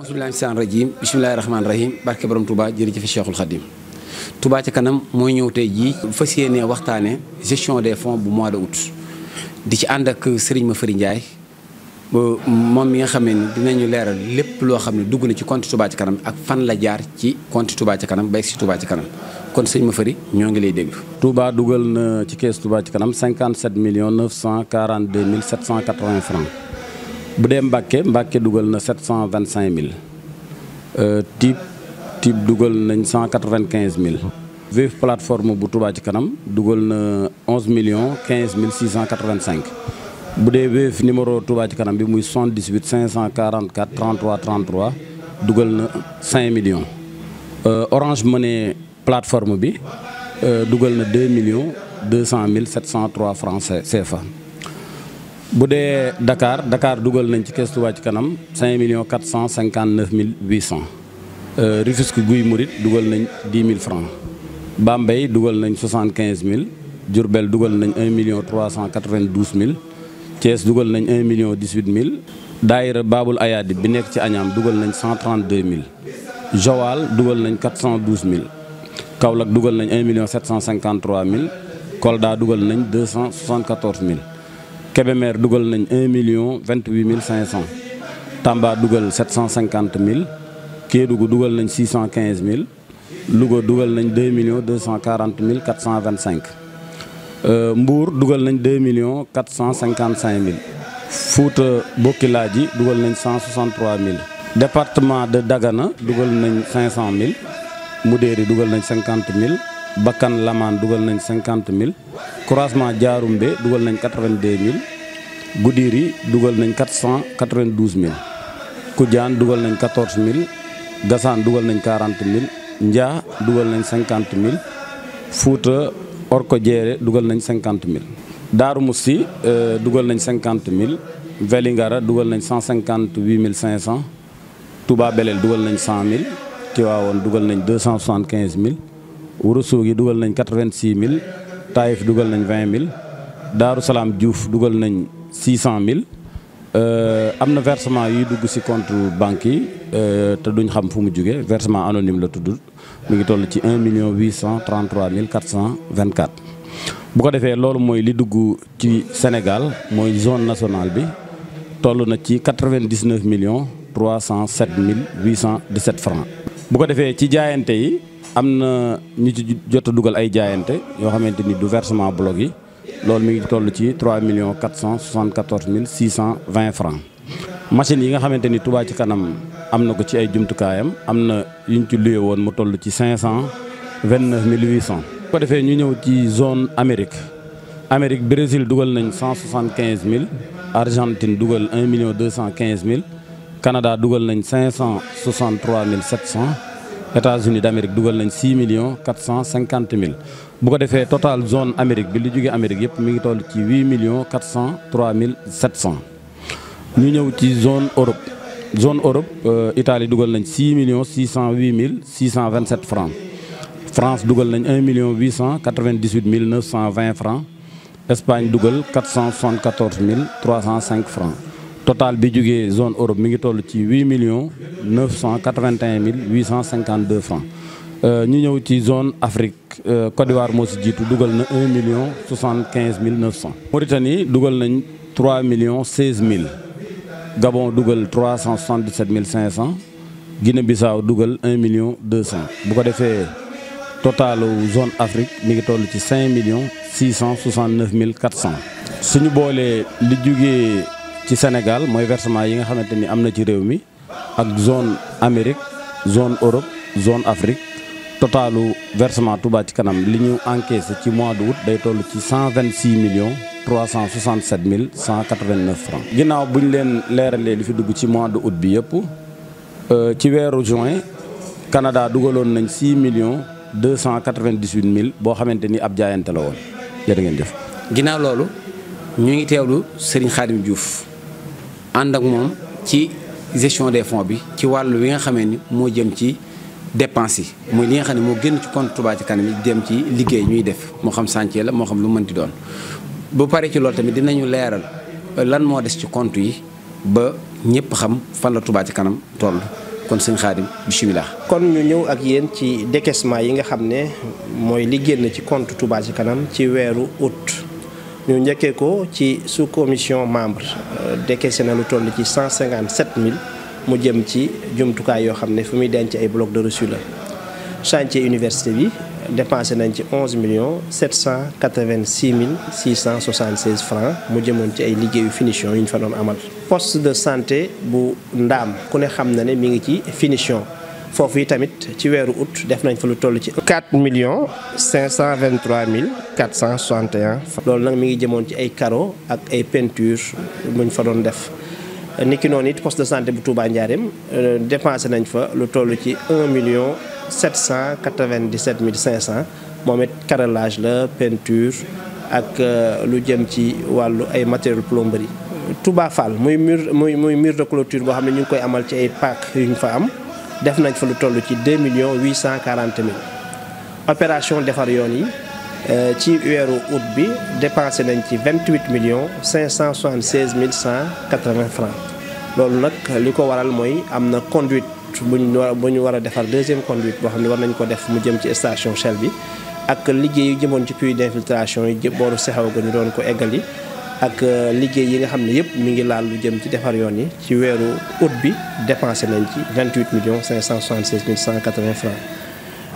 bismillahi saan rajim bismillahi rahmaani rahim barke borom Touba jërëjëf Cheikhul Khadim Touba ci kanam mooy ñëw tey jii fas yéene waxtaane gestion des fonds bu mois de août di ci ànd ak ma Mafary njaay moom mi nga xamee ni dinañu leeral lépp loo xam ne dugg na ci compte Touba ca kanam ak fan la jaar ci compte Touba ca kanam bay si Touba ca kanam kon sëñ fëri ñoo ngi lay dégg Touba dugal na ci kees Touba ca kanam 57 millions 942 mille 780 francs bu dee Mbàkke Mbàkke dugal na 725000 Tiib Tiib dugal nañ 195000. Wave plateforme bu Touba ci kanam dugal na 11 millions 15 mille 685 bu dee Wave numéro Touba ci kanam bi muy 78 544 33 33 dugal na 5 millions. Euh, Orange Money plateforme bi euh, dugal na 2 millions 200 mille 703 francs CFA. bu dee dakaar dakaar dugal nañ ci kees Touba ci kanam 5 millions 459 mille 800 euh, Rufisque Guy Mouride dugal nañ 10 000 francs Bambey dugal nañ 75 mille Diourbel dugal nañ 1 million 392 mille Thiès dugal nañ 1 million 18 mille Daayira Babul Ayaadi bi nekk ci Añaam dugal nañ 132 mille Joal dugal nañ 412 mille Kaolack dugal nañ 1 million 753 mille Kolda dugal nañ 274 mille Kébémer dugal nañ 1 million 28 mille 500 Tamba dugal 750 mille Kédougou dugal nañ 615 mille Louga dugal nañ 2 millions 240 mille 425 euh, Mbour dugal nañ 2 millions 455 mille Fouta Bokkilaaji dugal nañ 163 mille département de Dagana dugal nañ 500 mille Moudéri dugal nañ 50 mille bakkan lamaan dugal nañ cinquante mille croisement jaarumbe dugal nañ quatre-vingt-deux mille Goudiri dugal nañ quatre cent quatre vingt mille Kujaan dugal nañ quatorze mille Gasaan dugal nañ quarante mille Njaa dugal nañ cinquante mille Fuuta Orko Jeere dugal nañ cinquante mille Daaru Musti dugal nañ cinquante mille Vélingara dugal nañ cent cinquante-huit mille cinq cent Touba Belel dugal nañ cent mille Tiwaawoon dugal nañ deux cent soixante-quinze mille Ourossogui yi dugal nañ quatre-vingt-six mille Taïf dugal nañ vingt mille Daaru Salaam Diouf dugal nañ six cent mille euh, am na versement yuy dugg ci compte banque yi euh, te duñ xam fu mu jóge versement anonyme la tudd mu ngi toll ci un million huit cent trente mille quatre cent vingt-quatre bu ko defee loolu mooy li dugg ci Sénégal mooy zone nationale bi toll na ci quatre-vingt-dix-neuf millions trois cent sept mille huit cent dix-sept francs bu ko defee ci jaayante yi am na ñu ci jot a dugal ay jaayante yoo xamante ni du versement bloc yi loolu mu ngi toll ci 3 millions 474 mille 620 francs machines yi nga xamante ni Touba ci kanam am na ko ci ay jumtukaayam am na yu ñu ci luye woon mu toll ci 529 mille 800. bu ko defee ñu ñëw ci zone Amérique Amérique Brésil dugal nañ 175 mille Argentine dugal 1 million 215 mille Canada dugal nañ 563 mille 700. États-Unis d'Amérique dugal nañ 6 millions 450 mille bu ko defee total zone Amérique bi lu jóge Amérique yëpp mi ngi toll ci 8 millions 403 mille 700 ñu ñëw ci zone Europe zone Europe euh, Italie dugal nañ 6 millions 608 mille 627 francs France dugal nañ 1 million 898 mille 920 francs Espagne dugal 474 mille 305 francs total bi jógee zone Europe mi ngi tollu ci huit millions neuf cent quatre-vingt-un mille huit cent euh, ñu ñëw ci zone Afrique euh, Côte d'Ivoire moo si jiitu dugal na un million soixante-quinze mille neuf cent. Mauritanie dugal nañ million millions seize mille Gabon dugal trois cent soixante dix mille cinq cent Guinée-Bissau dugal un million deux cent bu ko defee totalu zone Afrique mi ngi toll ci cinq millions six cent mille quatre cent. boolee li jugee ci Sénégal mooy versement yi nga xamante ni am na ci réew mi ak zone Amérique zone Europe zone Afrique totalu versement Touba ci kanam li ñu encaissé ci mois d'août day toll ci cent vingt six millions trois cent soixante sept mille cent quatre vingt neuf francs. ginnaaw bu ñu leen leeralee li fi dugg ci mois d'août bi yëpp euh, ci weeru juin Canada dugaloon nañ six millions deux cent quatre vingt dix boo xamante ni ab jaayante la woon jërë ngeen jëf. ginnaaw loolu ñu ngi teewlu Serigne Khadim Diouf. ànd ak moom ci gestion des fonds bi ci wàll wi nga xamee ni moo jëm ci dépense yi mooy li nga xam ne moo génn ci compte Touba ci kanam yi jëm ci liggéey ñuy def moo xam chantier la moo xam lu mën ti doon bu pare ci loolu tamit dinañu leeral lan moo des ci compte yi ba ñëpp xam fan la Touba kanam toll kon sëñ Xaadim bisimilah. kon ñu ñëw ak yéen ci décaissement yi nga xam ne mooy li génn ci compte Touba ci kanam ci weeru août ñu njëkkee ko ci sous commission membre euh, décaissé na lu toll ci 157000 mu jëm ci jumtukaay yoo xam ne fi muy denc ay bloc de reçu la chantier université bi dépensé nañ ci million cent 11 millions 786 mille 676 francs mu jëmoon ci ay liggéeyu finition yu ñu fa doon amal. poste de santé bu ndaam ku ne xam na ne mi ngi ci finition. foofu yi tamit ci weeru août def nañ fa lu toll ci. 4 millions 523 mille 461. loolu nag mi ngi jëmoon ci ay carreaux ak ay peintures buñ fa doon def niki noonu it poste de santé bu Touba Ndiarème euh, dépensé nañ fa lu toll ci 1 million 797 mille cent moom it carrelage la peinture ak euh, lu jëm ci wàllu ay matériel plomberie. Touba Fall muy mur muy muy mur de clôture boo xam ne ñu ngi koy amal ci ay pàcc yu ñu fa am. def nañ fa lu toll ci 2 millions 840 mille opération defar yoon yi euh, ci weeru août bi dépensé nañ ci 28 millions 576 mille 180 francs loolu nag li ko waral mooy am na conduite bu ñu war bu ñu war a defar deuxième conduite boo xam ne war nañ ko def mu jëm ci station Shell bi ak liggéey yu jëmoon ci puits d'infiltration yi booru sexaw ga ñu doon ko eggali ak euh, liggéey yi nga xam ne yëpp mi ngi laal lu jëm ci defar yoon yi ci weeru août bi dépensé nañ ci 28 millions 576 mille 180 francs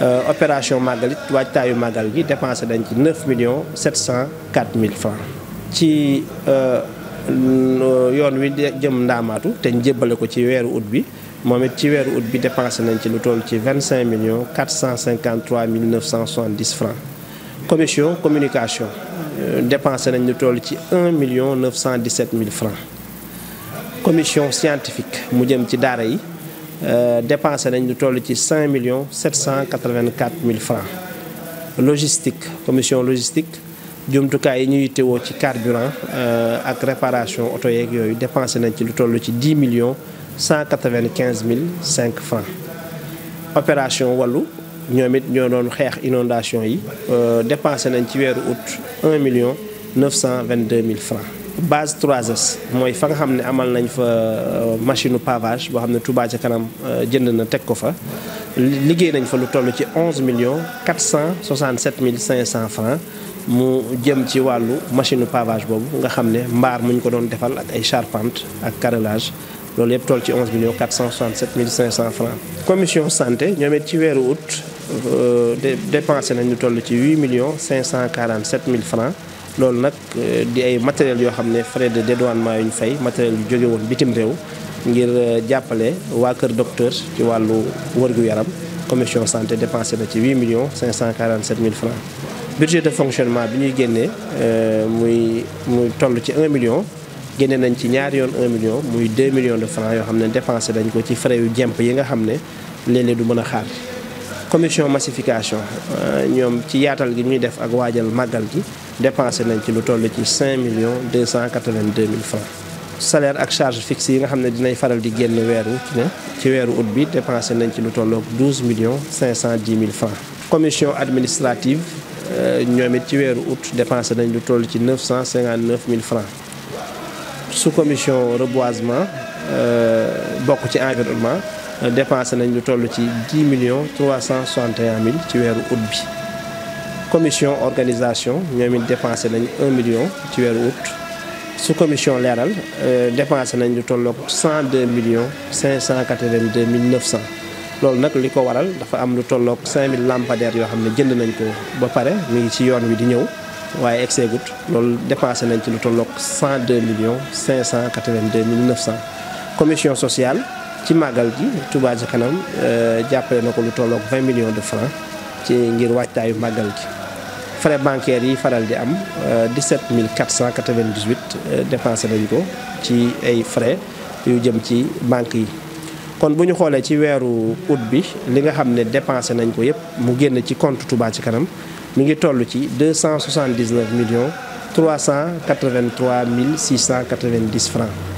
euh, opération màggal it waajtaayu màggal gi dépensé nañ ci 9 millions 704 mille francs ci euh, yoon wi jëm ndaamaatu te ñu ko ci weeru août bi moom it ci weeru août bi dépensé nañ ci lu toll ci 25 millions 453 mille 970 francs commission communication euh, dépensé nañ lu toll ci 1 million 917 mille francs commission scientifique mu jëm ci daara yi euh, dépensé nañ lu toll ci 5 millions 784 mille francs logistique commission logistique jumtukaay yi ñuy yittewoo ci carburant euh, ak réparation oto yeeg yooyu dépensé nañ ci lu toll ci 10 millions 195 mille 5 francs opération wàllu ñoom it ñoo doon xeex inondation yi euh, dépensé nañ ci weeru août cent million deux mille francs base 3S mooy fa nga xam ne amal nañ fa euh, machine pavage boo xam ne Touba ca kanam euh, jënd na teg ko fa liggéey nañ fa lu toll ci 11 millions 467 mille 500 francs mu jëm ci wàllu machine pavage boobu nga xam ne mbaar muñ ko doon defal ak ay charpente ak carrelage loolu yëpp toll ci 11 millions 467 mille 500 francs commission santé ñoom it ci weeru août Euh, dépensé nañ lu toll ci 8 millions 547 mille francs loolu nag euh, di ay matériels yoo xam ne frais de dédouanement yu ñu fay matériel yu jóge woon bitim réew ngir euh, jàppale waa Kër Docteur ci wàllu gu yaram commission santé dépensé na ci 8 millions 547 mille francs budget de fonctionnement bi ñuy génnee muy muy toll ci un million génne nañ ci ñaari yoon 1 million muy 2 millions de francs yoo xam ne dépensé dañ ko ci frais yu jemp yi nga xam ne léeg-léeg du mën a xaar commission massification euh, ñoom ci yaatal gi ñuy def ak waajal màggal gi dépensé nañ ci lu toll ci 5 millions 282 mille francs salaire ak charge fixe yi nga xam ne dinañ faral di génn weeru ci ne ci weeru ut bi dépensé nañ ci lu tolloog 12 millions 510 mille francs commission administrative euh, ñoom it ci weeru ut dépensé nañ lu toll ci 959 mille francs sous commission reboisement euh, bokk ci environnement dépensé nañ lu toll ci 10 millions 361 mille ci weeru août bi commission organisation ñoom it dépensé nañ 1 million ci weeru août su commission leeral euh, dépensé nañ lu tolloog 102 millions 582 mille 900 loolu nag li ko waral dafa am lu tolloog 5000 lampadaires yoo xam ne jënd nañ ko ba pare mu ngi ci yoon wi di ñëw waaye egg loolu dépensé nañ ci lu tolloog 102 millions 582 mille 900 commission sociale ci màggal ji Touba ca kanam euh, jàppale na ko lu tolloog 20 millions de francs ci ngir waajtaayu màggal ji frais bancaires yi faral di am 17 euh, 498 euh, dépensé nañ ko ci ay frais yu jëm ci banque yi kon bu ñu xoolee ci weeru août bi li nga xam ne dépensé nañ ko yépp mu génn ci compte Touba ci kanam mu ngi toll ci 279 millions 383 mille 690 francs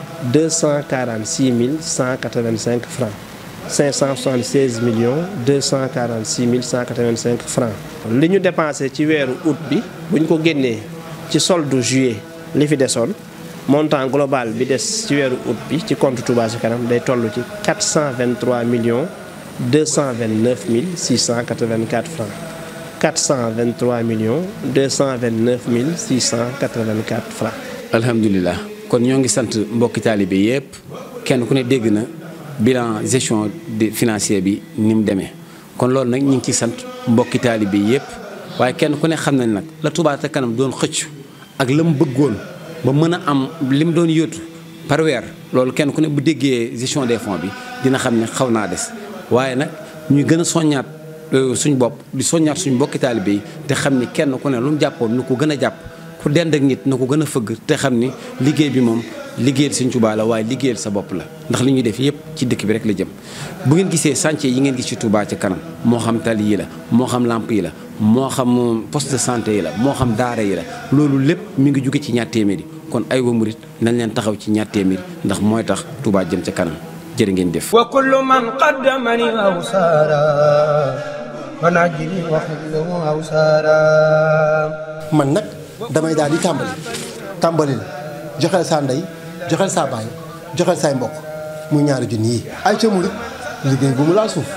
deux cent quarante six mille cent quatre vingt cinq francs cinq cent soixante seize millions deux cent quarante six mille cent quatre vingt cinq francs li ñu dépensé ci weeru août bi bu ñu ko génnee ci soldu juillet li fi desoon montant global bi des ci weeru août bi ci compte Touba Ca Kanam day toll ci quatre cent vingt trois millions deux cent vingt neuf mille six cent quatre vingt quatre francs quatre cent vingt trois millions deux cent vingt neuf mille six cent quatre vingt quatre francs alhamdulilah kon ñoo ngi sant mbokki taalibe yépp kenn ku ne dégg na bilan gestion de financier bi ni mu demee kon loolu nag ñu ngi ci sant mbokki taalibe yépp waaye kenn ku ne xam na nag la Touba ca kanam doon xëcc ak la mu bëggoon ba mën a am li mu doon yóotu parweer loolu kenn ku ne bu déggee gestion des fonds bi dina xam ne xaw naa des waaye nag ñu gën a soññaat euh, suñ bopp di soññaat suñ mbokki taalibe yi te xam ne kenn ku ne lu mu jàppoon lu ko gën a jàpp ku dend ak nit na ko gën a fëgg te xam ni liggéey bi moom liggéeyal Sëñ Touba la waaye liggéeyal sa bopp la ndax li ñuy def yëpp ci dëkk bi rek la jëm bu ngeen gisee chantier yi ngeen gis ci Touba ci kanam moo xam tali yi la moo xam lamp yi la moo xam poste de santé yi la moo xam daara yi la loolu lépp mi ngi jóge ci ñaar téeméeri kon ay wa murit nañ leen taxaw ci ñaar téeméeri ndax mooy tax Touba jëm ca kanam jërë ngeen def wa kullu man qaddamani aw saara wa najini wa xullu damay daal di tàmbali tàmbalil joxeel sa ndey joxeel saa baay joxeel saay mbokk mu ñaari junni yi ay ca murit liggéey bu mu suuf